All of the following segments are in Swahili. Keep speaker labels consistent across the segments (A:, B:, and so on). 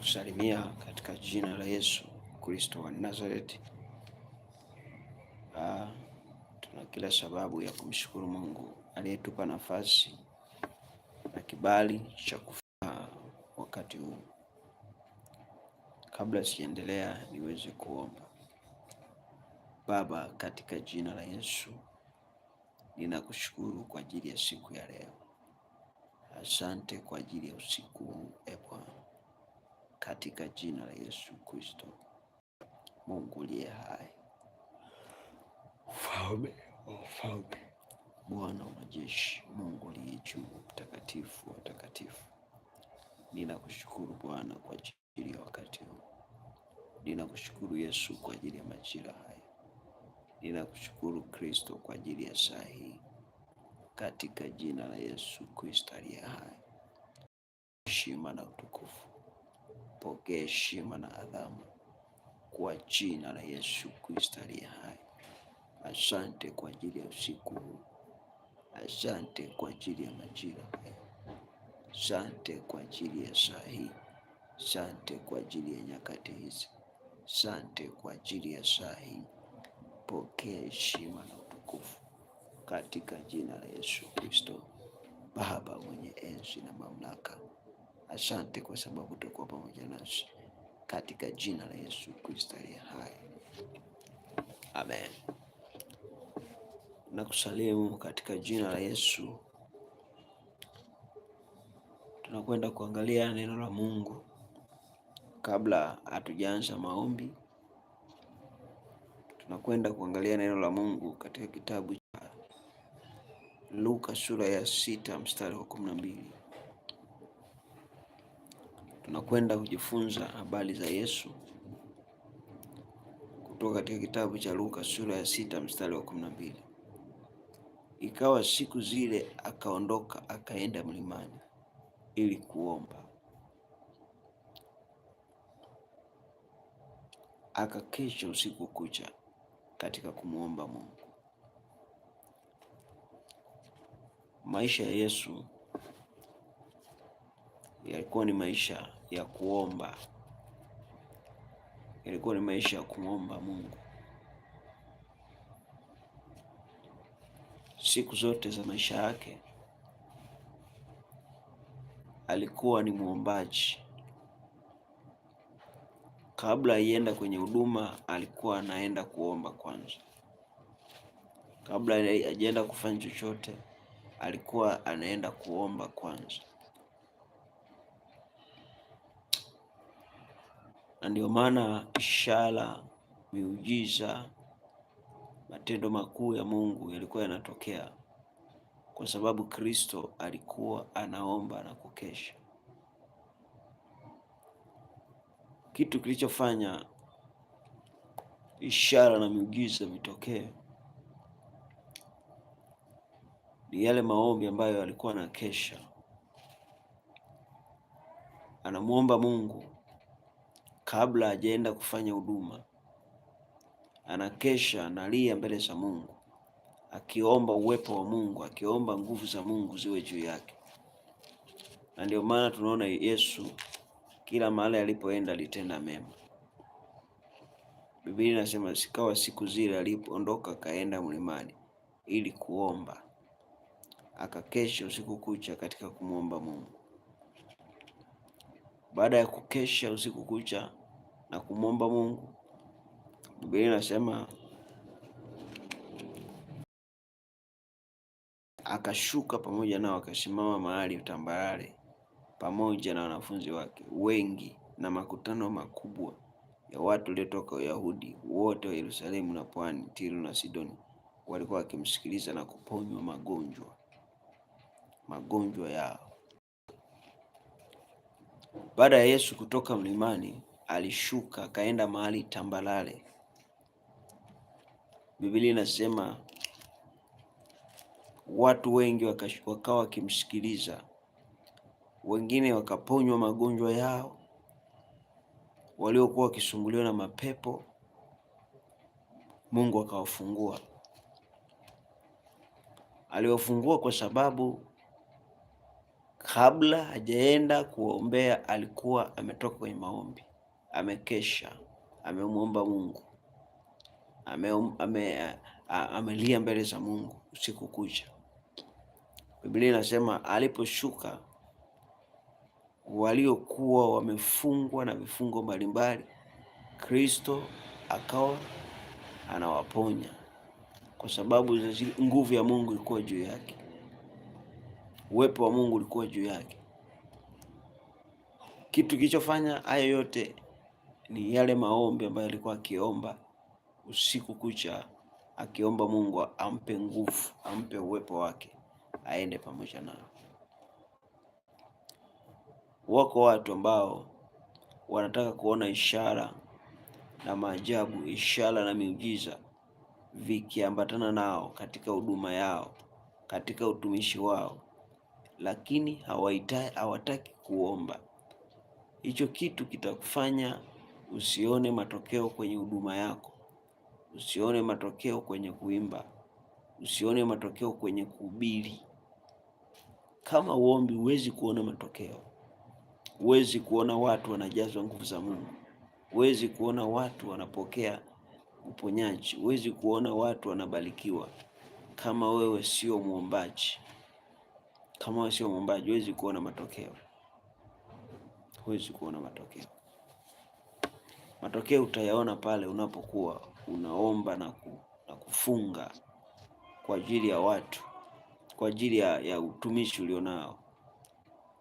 A: Ninakusalimia katika jina la Yesu Kristo wa Nazareti. Ah, tuna kila sababu ya kumshukuru Mungu aliyetupa nafasi na kibali cha kufika wakati huu. Kabla siendelea, niweze kuomba. Baba, katika jina la Yesu ninakushukuru kwa ajili ya siku ya leo. Asante kwa ajili ya usiku huu, e Bwana katika jina la Yesu Kristo. Mungu liye hai, mfalme wa wafalme, Bwana wa majeshi, Mungu liye juu, mtakatifu wa watakatifu, ninakushukuru Bwana kwa ajili ya wakati huu. Ninakushukuru Yesu kwa ajili ya majira haya. Ninakushukuru Kristo kwa ajili ya saa hii, katika jina la Yesu Kristo aliye hai, heshima na utukufu Pokea heshima na adhamu kwa jina la Yesu Kristo aliye hai. Asante kwa ajili ya usiku huu, asante kwa ajili ya majira haya, asante kwa ajili ya saa hii, asante kwa ajili ya nyakati hizi, asante kwa ajili ya saa hii. Pokea heshima na utukufu katika jina la Yesu Kristo, Baba mwenye enzi na mamlaka Asante kwa sababu utakuwa pamoja nasi katika jina la Yesu Kristo aliye hai, amen. Nakusalimu katika jina la Yesu. Tunakwenda kuangalia neno la Mungu. Kabla hatujaanza maombi, tunakwenda kuangalia neno la Mungu katika kitabu cha Luka sura ya sita mstari wa kumi na mbili. Tunakwenda kujifunza habari za Yesu kutoka katika kitabu cha Luka sura ya sita mstari wa kumi na mbili. Ikawa siku zile akaondoka akaenda mlimani ili kuomba, akakesha usiku kucha katika kumwomba Mungu. Maisha ya Yesu yalikuwa ni maisha ya kuomba, yalikuwa ni maisha ya kumwomba Mungu siku zote za maisha yake. Alikuwa ni mwombaji. Kabla aienda kwenye huduma, alikuwa anaenda kuomba kwanza. Kabla ajaenda kufanya chochote, alikuwa anaenda kuomba kwanza. na ndio maana ishara, miujiza, matendo makuu ya Mungu yalikuwa yanatokea kwa sababu Kristo alikuwa anaomba na kukesha. Kitu kilichofanya ishara na miujiza vitokee ni yale maombi ambayo alikuwa anakesha, anamuomba Mungu kabla hajaenda kufanya huduma, anakesha analia mbele za Mungu, akiomba uwepo wa Mungu, akiomba nguvu za Mungu ziwe juu yake. Na ndio maana tunaona Yesu kila mahali alipoenda alitenda mema. Biblia inasema sikawa siku zile alipoondoka akaenda mlimani ili kuomba, akakesha usiku kucha katika kumwomba Mungu. Baada ya kukesha usiku kucha, na kumwomba Mungu. Biblia inasema akashuka pamoja nao akasimama mahali utambarare pamoja na wanafunzi wake wengi na makutano makubwa ya watu waliotoka Uyahudi wote wa Yerusalemu na pwani Tiro na Sidoni walikuwa wakimsikiliza na kuponywa magonjwa magonjwa yao. Baada ya Yesu kutoka mlimani, alishuka akaenda mahali tambalale. Biblia inasema watu wengi wakawa wakimsikiliza, wengine wakaponywa magonjwa yao, waliokuwa wakisumbuliwa na mapepo Mungu akawafungua. Aliwafungua kwa sababu kabla hajaenda kuombea alikuwa ametoka kwenye maombi amekesha, amemwomba Mungu, amelia ame, ame mbele za Mungu usiku kucha. Biblia inasema aliposhuka, waliokuwa wamefungwa na vifungo mbalimbali, Kristo akawa anawaponya kwa sababu nguvu ya Mungu ilikuwa juu yake, uwepo wa Mungu ulikuwa juu yake. Kitu kilichofanya haya yote ni yale maombi ambayo alikuwa akiomba usiku kucha, akiomba Mungu ampe nguvu, ampe uwepo wake, aende pamoja nao. Wako watu ambao wanataka kuona ishara na maajabu, ishara na miujiza vikiambatana nao katika huduma yao, katika utumishi wao, lakini hawataki kuomba. Hicho kitu kitakufanya Usione matokeo kwenye huduma yako, usione matokeo kwenye kuimba, usione matokeo kwenye kuhubiri. Kama uombi, huwezi kuona matokeo, huwezi kuona watu wanajazwa nguvu za Mungu, huwezi kuona watu wanapokea uponyaji, huwezi kuona watu wanabarikiwa kama wewe sio muombaji. Kama wewe sio muombaji, huwezi kuona matokeo, huwezi kuona matokeo. Matokeo utayaona pale unapokuwa unaomba na, ku, na kufunga kwa ajili ya watu, kwa ajili ya, ya utumishi ulionao.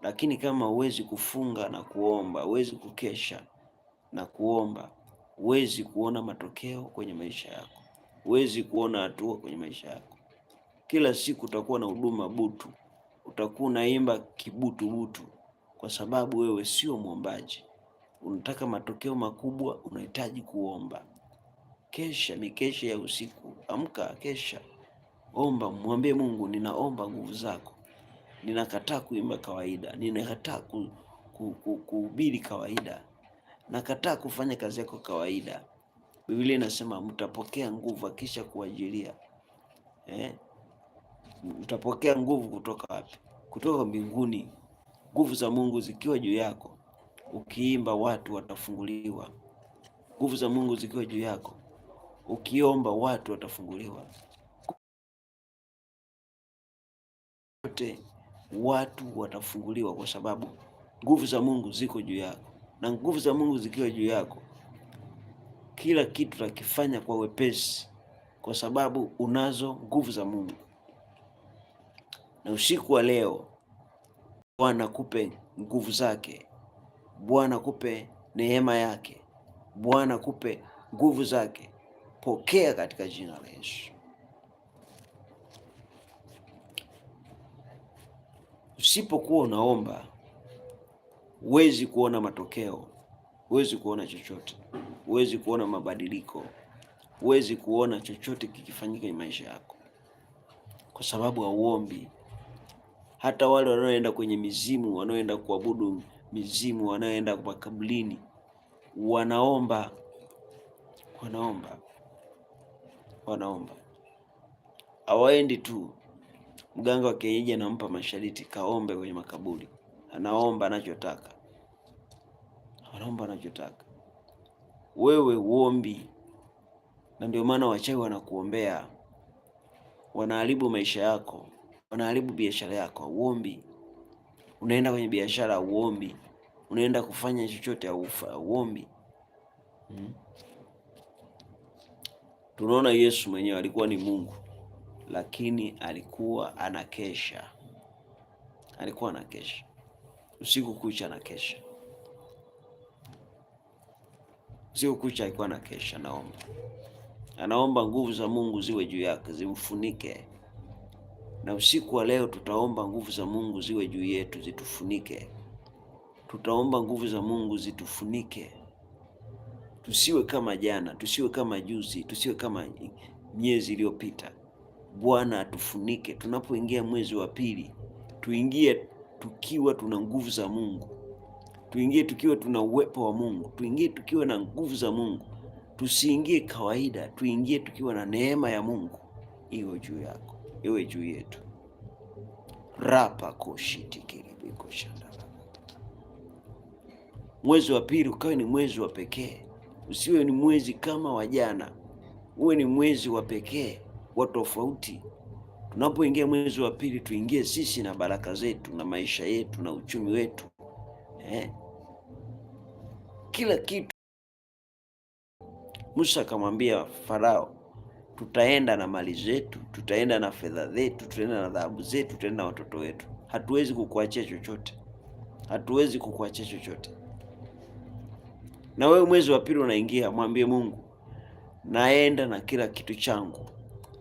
A: Lakini kama huwezi kufunga na kuomba, huwezi kukesha na kuomba, huwezi kuona matokeo kwenye maisha yako, huwezi kuona hatua kwenye maisha yako. Kila siku utakuwa na huduma butu, utakuwa unaimba kibutubutu, kwa sababu wewe sio mwombaji unataka matokeo makubwa, unahitaji kuomba. Kesha mikesha ya usiku, amka, kesha, omba, mwambie Mungu, ninaomba nguvu zako, ninakataa kuimba kawaida, ninakataa kuhubiri kawaida, nakataa kufanya kazi yako kawaida. Biblia inasema mtapokea nguvu akisha kuajilia. Eh? Utapokea nguvu kutoka wapi? Kutoka mbinguni, nguvu za Mungu zikiwa juu yako Ukiimba watu watafunguliwa, nguvu za Mungu zikiwa juu yako. Ukiomba watu watafunguliwa, wote watu watafunguliwa, kwa sababu nguvu za Mungu ziko juu yako, na nguvu za Mungu zikiwa juu yako, kila kitu takifanya kwa wepesi, kwa sababu unazo nguvu za Mungu. Na usiku wa leo Bwana kupe nguvu zake Bwana kupe neema yake, Bwana kupe nguvu zake. Pokea katika jina la Yesu. Usipokuwa unaomba huwezi kuona matokeo, huwezi kuona chochote, huwezi kuona mabadiliko, huwezi kuona chochote kikifanyika kwenye maisha yako, kwa sababu hauombi. Hata wale wanaoenda kwenye mizimu, wanaoenda kuabudu mizimu wanaoenda makaburini, wanaomba wanaomba wanaomba, hawaendi tu. Mganga wa kienyeji anampa mashariti, kaombe kwenye makaburi, anaomba anachotaka, anaomba anachotaka. Wewe uombi, na ndio maana wachawi wanakuombea, wanaharibu maisha yako, wanaharibu biashara yako. Uombi unaenda kwenye biashara uombi, unaenda kufanya chochote uombi Hmm. Tunaona Yesu mwenyewe alikuwa ni Mungu, lakini alikuwa anakesha, alikuwa anakesha usiku kucha, anakesha usiku kucha, alikuwa anakesha, naomba anaomba nguvu za Mungu ziwe juu yake, zimfunike na usiku wa leo tutaomba nguvu za Mungu ziwe juu yetu, zitufunike. Tutaomba nguvu za Mungu zitufunike, tusiwe kama jana, tusiwe kama juzi, tusiwe kama miezi iliyopita. Bwana atufunike tunapoingia mwezi wa pili, tuingie tukiwa tuna nguvu za Mungu, tuingie tukiwa tuna uwepo wa Mungu, tuingie tukiwa na nguvu za Mungu, tusiingie kawaida, tuingie tukiwa na neema ya Mungu iwe juu yako iwe juu yetu rapa rapakoshitikirimikoshandala. Mwezi wa pili ukawe ni mwezi wa pekee, usiwe ni mwezi kama wajana, uwe ni mwezi wa pekee wa tofauti. Tunapoingia mwezi wa pili, tuingie sisi na baraka zetu na maisha yetu na uchumi wetu eh? Kila kitu Musa akamwambia Farao tutaenda na mali zetu, tutaenda na fedha zetu, tutaenda na dhahabu zetu, tutaenda na watoto wetu. Hatuwezi kukuachia chochote, hatuwezi kukuachia chochote. Na wewe mwezi wa pili unaingia, mwambie Mungu, naenda na kila kitu changu,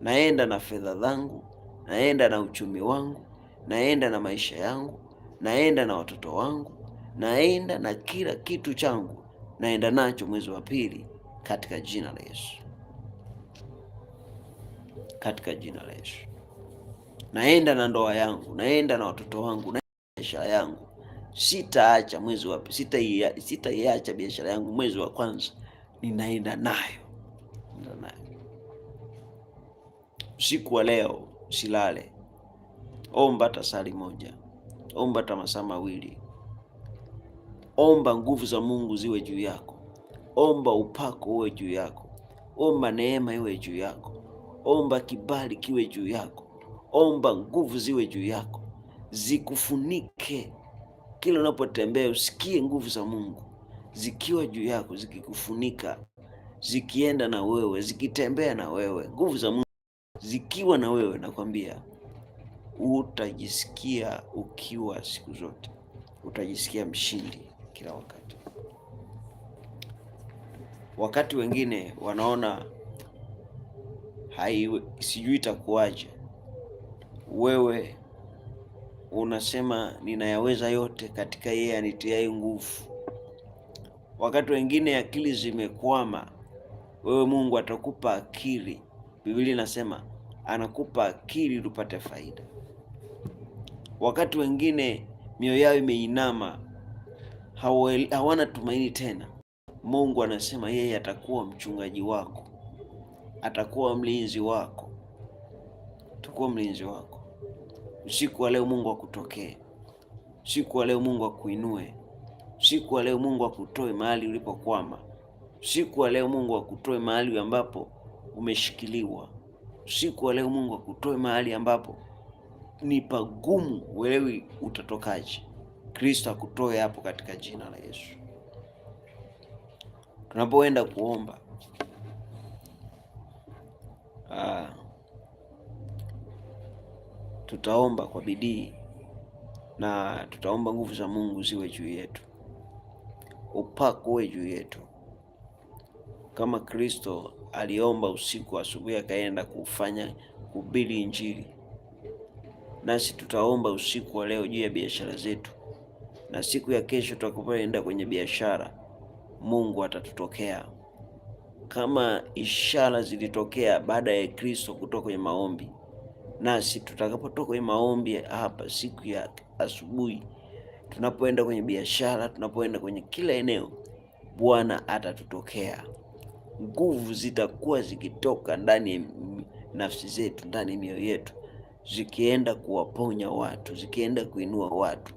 A: naenda na fedha zangu, naenda na uchumi wangu, naenda na maisha yangu, naenda na watoto wangu, naenda na kila kitu changu, naenda nacho mwezi wa pili, katika jina la Yesu katika jina la Yesu. Naenda na ndoa yangu, naenda na watoto wangu, na biashara yangu. Sitaacha mwezi wa sitaiacha biashara yangu mwezi wa kwanza, ninaenda nayo, siku Usiku wa leo silale, omba hata sali moja, omba hata masaa mawili, omba nguvu za Mungu ziwe juu yako, omba upako uwe juu yako, omba neema iwe juu yako. Omba kibali kiwe juu yako, omba nguvu ziwe juu yako, zikufunike kila unapotembea. Usikie nguvu za Mungu zikiwa juu yako, zikikufunika, zikienda na wewe, zikitembea na wewe, nguvu za Mungu zikiwa na wewe, nakwambia utajisikia ukiwa siku zote, utajisikia mshindi kila wakati. Wakati wengine wanaona haiwe, sijui itakuwaje. Wewe unasema ninayaweza yote katika yeye anitiaye nguvu. Wakati wengine akili zimekwama, wewe Mungu atakupa akili. Biblia inasema anakupa akili upate faida. Wakati wengine mioyo yao imeinama, hawana tumaini tena, Mungu anasema yeye atakuwa mchungaji wako atakuwa mlinzi wako, atakuwa mlinzi wako. Usiku wa leo Mungu akutokee, usiku wa leo Mungu akuinue, usiku wa leo Mungu akutoe mahali ulipokwama, usiku wa leo Mungu akutoe mahali ambapo umeshikiliwa, usiku wa leo Mungu akutoe mahali ambapo ni pagumu, uelewi utatokaje. Kristo akutoe hapo katika jina la Yesu. Tunapoenda kuomba tutaomba kwa bidii na tutaomba nguvu za Mungu ziwe juu yetu, upako uwe juu yetu, kama Kristo aliomba usiku, asubuhi akaenda kufanya kuhubiri Injili, nasi tutaomba usiku wa leo juu ya biashara zetu, na siku ya kesho tutakapoenda kwenye biashara, Mungu atatutokea kama ishara zilitokea baada ya Kristo kutoka kwenye maombi nasi tutakapotoka kwenye maombi hapa siku ya asubuhi, tunapoenda kwenye biashara, tunapoenda kwenye kila eneo, Bwana atatutokea. Nguvu zitakuwa zikitoka ndani ya nafsi zetu, ndani ya mioyo yetu, zikienda kuwaponya watu, zikienda kuinua watu.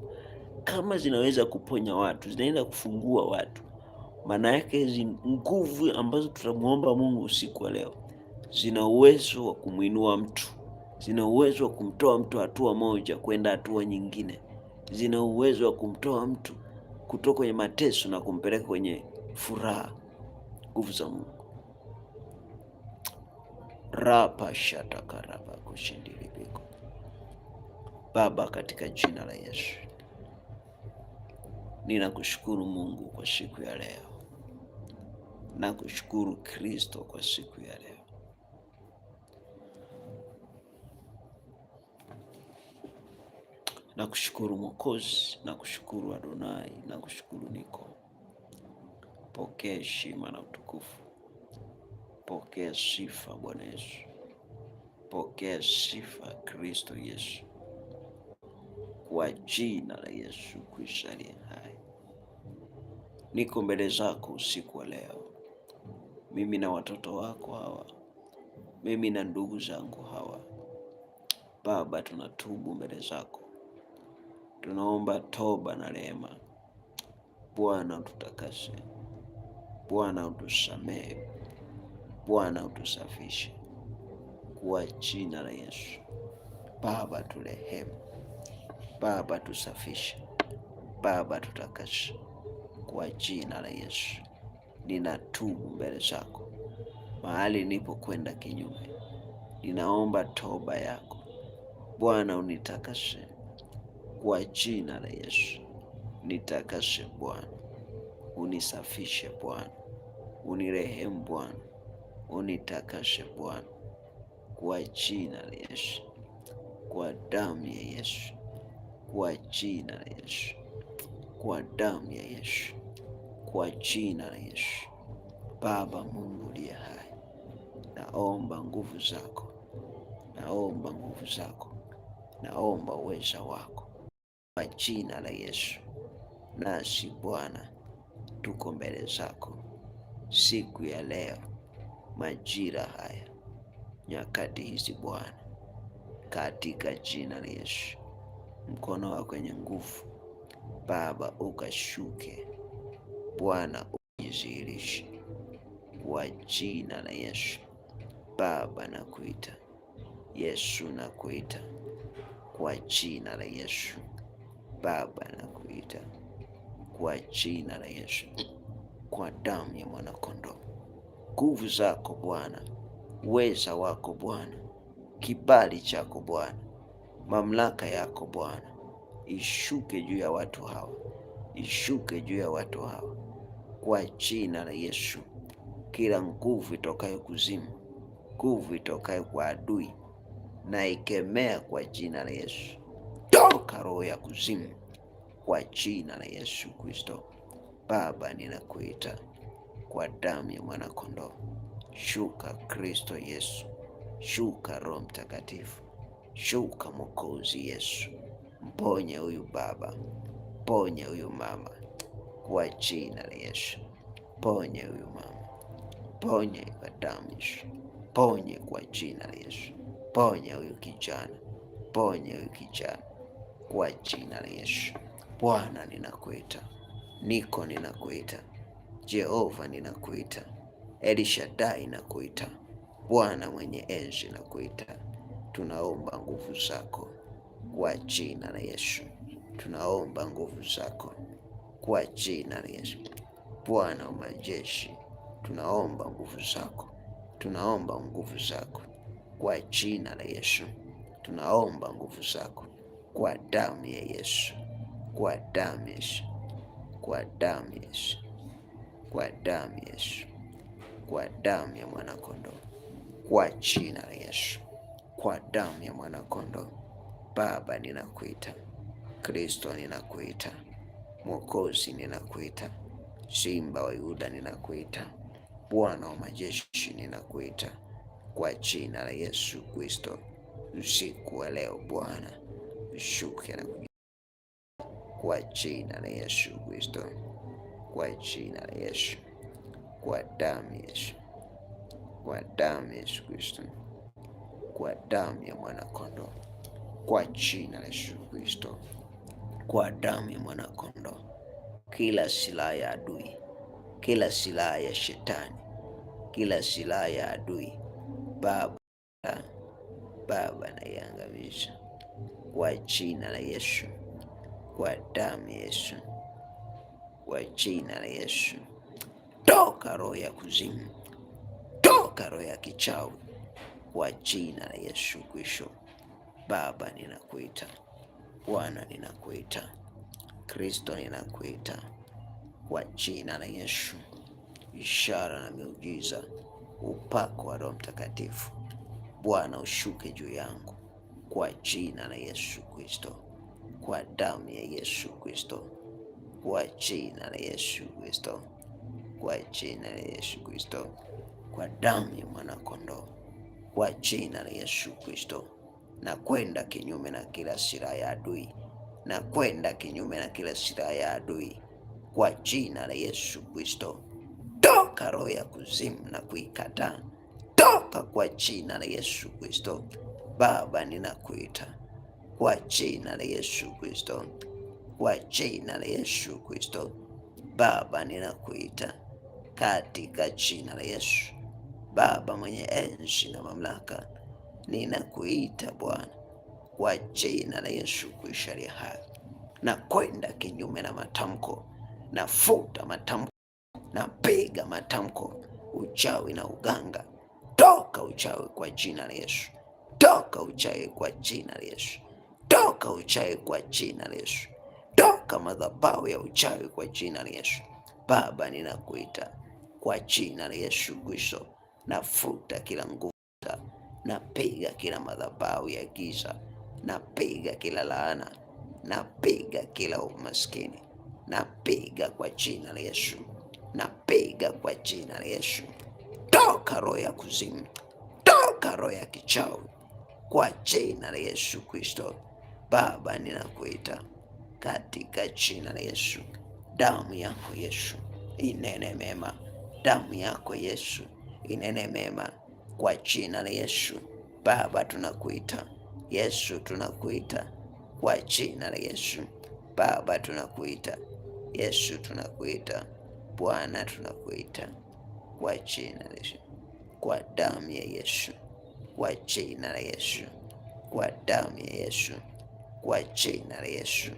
A: Kama zinaweza kuponya watu, zinaenda kufungua watu. Maana yake nguvu ambazo tutamwomba Mungu usiku wa leo zina uwezo wa kumwinua mtu zina uwezo wa kumtoa mtu hatua moja kwenda hatua nyingine, zina uwezo wa kumtoa mtu kutoka kwenye mateso na kumpeleka kwenye furaha. Nguvu za Mungu biko Baba, katika jina la Yesu ninakushukuru Mungu kwa siku ya leo, nakushukuru Kristo kwa siku ya leo. na kushukuru Mwokozi, na kushukuru Adonai, na kushukuru niko. Pokea heshima na utukufu, pokea sifa Bwana Yesu, pokea sifa Kristo Yesu, kwa jina la Yesu Kristo aliye hai. Niko mbele zako usiku wa leo, mimi na watoto wako hawa, mimi na ndugu zangu hawa. Baba, tunatubu mbele zako Tunaomba toba na rehema. Bwana ututakase, Bwana utusamehe, Bwana utusafishe kwa jina la Yesu. Baba turehemu, Baba tusafishe, Baba tutakase kwa jina la Yesu. Ninatubu mbele zako, mahali nipo kwenda kinyume, ninaomba toba yako Bwana unitakase kwa jina la Yesu nitakase Bwana, unisafishe Bwana, unirehemu Bwana, unitakase Bwana, kwa jina la Yesu, kwa damu ya Yesu, kwa jina la Yesu, kwa damu ya Yesu, kwa jina la Yesu. Baba Mungu uliye hai, naomba nguvu zako, naomba nguvu zako, naomba uweza wako kwa jina la Yesu, nasi Bwana tuko mbele zako siku ya leo, majira haya, nyakati hizi Bwana, katika jina la Yesu, mkono wako wenye nguvu Baba ukashuke Bwana, ujizihirishe kwa jina la Yesu. Baba nakuita, Yesu nakuita, kwa jina la Yesu. Baba nakuita kwa jina la Yesu, kwa damu ya mwanakondoo, nguvu zako Bwana, uweza wako Bwana, kibali chako Bwana, mamlaka yako Bwana, ishuke juu ya watu hawa, ishuke juu ya watu hawa kwa jina la Yesu. Kila nguvu itokayo kuzimu, nguvu itokayo kwa adui, naikemea kwa jina la Yesu kutoka roho ya kuzimu kwa jina la Yesu Kristo. Baba, ninakuita kwa damu ya mwanakondoo, shuka Kristo Yesu, shuka Roho Mtakatifu, shuka Mwokozi Yesu, mponye huyu baba, ponye huyu mama kwa jina la Yesu, ponye huyu mama, ponye kwa damu Yesu, ponye kwa jina la Yesu, ponye huyu kijana, ponye huyu kijana kwa jina la Yesu. Bwana ninakuita, Niko ninakuita, Jehova ninakuita, Elishadai nakuita, Bwana mwenye enzi nakuita. Tunaomba nguvu zako kwa jina la Yesu, tunaomba nguvu zako kwa jina la Yesu. Bwana wa majeshi, tunaomba nguvu zako, tunaomba nguvu zako kwa jina la Yesu, tunaomba nguvu zako kwa damu ya Yesu, kwa damu ya Yesu, kwa damu ya Yesu, kwa damu ya Yesu, kwa damu ya mwanakondoo, kwa jina la Yesu, kwa damu ya mwanakondoo. Baba, ninakuita Kristo, ninakuita Mwokozi, ninakuita Simba wa Yuda, ninakuita Bwana wa majeshi, ninakuita kwa jina la Yesu Kristo usiku wa leo Bwana Shuke na kwa jina la Yesu Kristo, kwa jina la Yesu, kwa damu Yesu, kwa damu Yesu Kristo, kwa damu ya kondo, kwa jina la Yesu Kristo, kwa damu ya kondo, kila silaha ya adui, kila silaha ya shetani, kila silaha ya adui Baba, Baba naiangamiza kwa jina la Yesu, kwa damu ya Yesu, kwa jina la Yesu. Toka roho ya kuzimu, toka roho ya kichawi, kwa jina la Yesu Kristo. Baba, ninakuita Bwana, ninakuita Kristo, ninakuita kwa jina la Yesu, ishara na miujiza, upako wa Roho Mtakatifu Bwana ushuke juu yangu kwa jina la Yesu Kristo, kwa damu ya Yesu Kristo, kwa jina la Yesu Kristo, kwa jina la Yesu Kristo, kwa damu ya kondoo, kwa jina la Yesu Kristo, na kwenda kinyume na kila silaha ya adui, na kwenda kinyume na kila silaha ya adui, kwa jina la Yesu Kristo. Toka roho ya kuzimu na kuikataa, toka kwa jina la Yesu Kristo. Baba, ninakuita kwa jina la Yesu Kristo, kwa jina la Yesu Kristo. Baba, ninakuita katika jina la Yesu. Baba mwenye enzi na mamlaka, ninakuita Bwana kwa jina la Yesu Kristo aliye hai, na kwenda kinyume na matamko, nafuta matamko, napiga matamko, uchawi na uganga, toka uchawi kwa jina la Yesu. Toka uchawi kwa jina la Yesu, toka uchawi kwa jina la Yesu, toka madhabahu ya uchawi kwa jina la Yesu. Baba, ninakuita kwa jina la Yesu Kristo, nafuta kila nguvu, napiga kila madhabahu ya giza, napiga kila laana, napiga kila umaskini, napiga kwa jina la Yesu, napiga kwa jina la Yesu. Toka roho ya kuzimu, toka roho ya kichawi kwa jina la Yesu Kristo. Baba, ninakuita katika jina la Yesu. Damu yako Yesu inene mema, damu yako Yesu inene mema, kwa jina la Yesu. Baba, tunakuita Yesu, tunakuita kwa jina la Yesu. Baba, tunakuita Yesu, tunakuita Bwana, tunakuita kwa jina la Yesu, kwa damu ya Yesu kwa jina la Yesu, kwa damu ya Yesu, kwa jina la Yesu.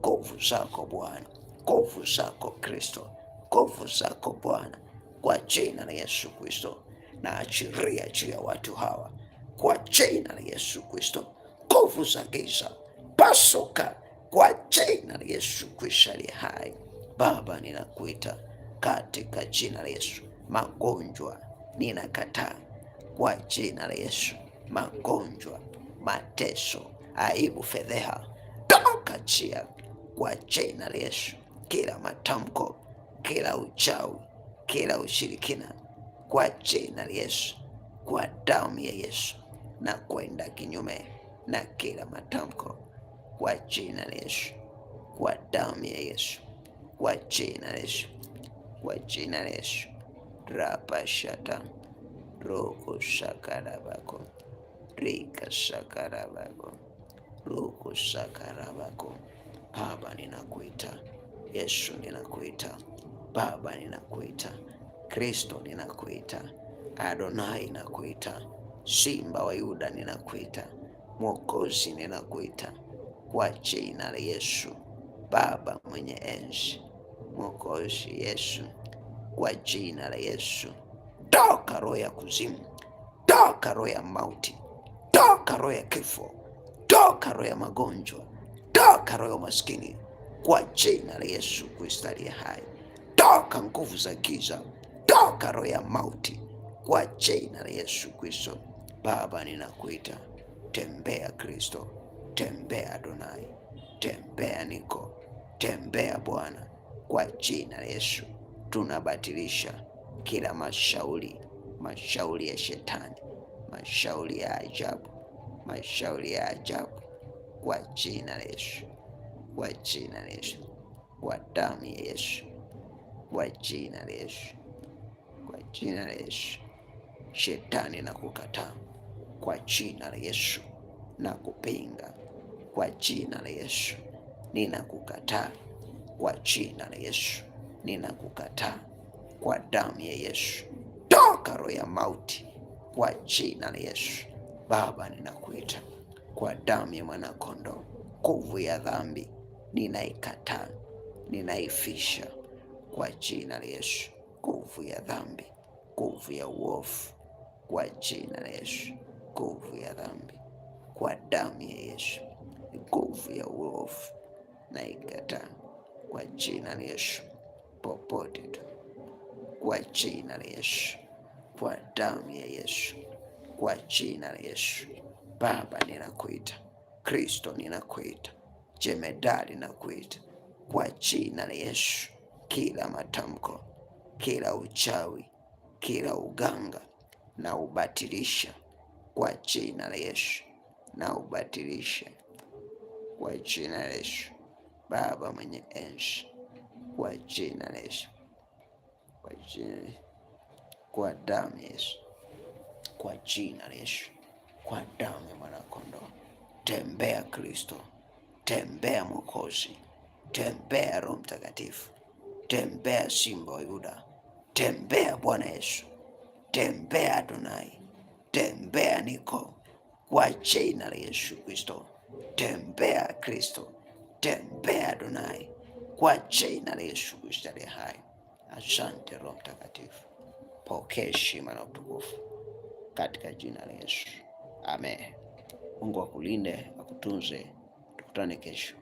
A: Kovu zako Bwana, kovu zako Kristo, kovu zako Bwana, kwa jina la Yesu Kristo, na achiria juu ya watu hawa kwa jina la Yesu Kristo. kovu za giza pasuka kwa jina la Yesu Kristo aliye hai. Baba, ninakuita katika jina la Yesu. Magonjwa ninakataa kwa jina la Yesu. Magonjwa, mateso, aibu, fedheha, toka chia kwa jina la Yesu. Kila matamko, kila uchawi, kila ushirikina kwa jina la Yesu, kwa damu ya Yesu na kwenda kinyume na kila matamko kwa jina la Yesu, kwa damu ya Yesu, kwa jina la Yesu, kwa jina la Yesu rabashata Roko shakarabako. Rika shakarabako. Roko shakarabako. Baba ninakuita. Yesu ninakuita. Baba ninakuita. Kristo ninakuita. Adonai nakuita Simba wa Yuda ninakuita. Mwokozi ninakuita. Kwa jina la Yesu. Baba mwenye enzi. Mwokozi Yesu. Kwa jina la Yesu toka roho ya kuzimu, toka roho ya mauti, toka roho ya kifo, toka roho ya magonjwa, toka roho ya umaskini kwa jina la Yesu Kristo aliye hai, toka nguvu za giza, toka roho ya mauti kwa jina la Yesu Kristo. Baba, ninakuita tembea Kristo, tembea Adonai, tembea Niko, tembea Bwana, kwa jina la Yesu tunabatilisha kila mashauri, mashauri ya shetani, mashauri ya ajabu, mashauri ya ajabu, kwa jina la Yesu, kwa jina la Yesu, kwa damu ya Yesu, kwa jina la Yesu, kwa jina la Yesu, shetani na kukataa kwa jina la Yesu, na kupinga kwa jina la Yesu, ninakukataa kwa jina la Yesu, ninakukataa kwa damu ya Yesu. Toka roho ya mauti kwa jina la Yesu. Baba, ninakuita kwa damu ya mwanakondoo, nguvu ya dhambi ninaikataa, ninaifisha kwa jina la Yesu. Nguvu ya dhambi, nguvu ya uovu kwa jina la Yesu. Nguvu ya dhambi kwa damu ya Yesu. Nguvu ya uovu naikataa kwa jina la Yesu, popote tu kwa jina la Yesu, kwa damu ya Yesu, kwa jina la Yesu. Baba, ninakuita Kristo, ninakuita jemedari, nakuita, kwa jina la Yesu. Kila matamko, kila uchawi, kila uganga na ubatilisha kwa jina la Yesu, na ubatilisha kwa jina la Yesu. Baba mwenye enzi, kwa jina la Yesu kwa jina kwa damu Yesu, kwa jina la Yesu, kwa damu ya mwanakondoo. Tembea Kristo, tembea Mwokozi, tembea Roho Mtakatifu, tembea Simba wa Yuda, tembea Bwana Yesu, tembea Adonai, tembea Niko, kwa jina la Yesu Kristo. Tembea Kristo, tembea Adonai, kwa jina la Yesu Kristo aliye hai. Asante Roho Mtakatifu, pokea heshima na utukufu katika jina la Yesu, amen. Mungu akulinde, akutunze, tukutane kesho.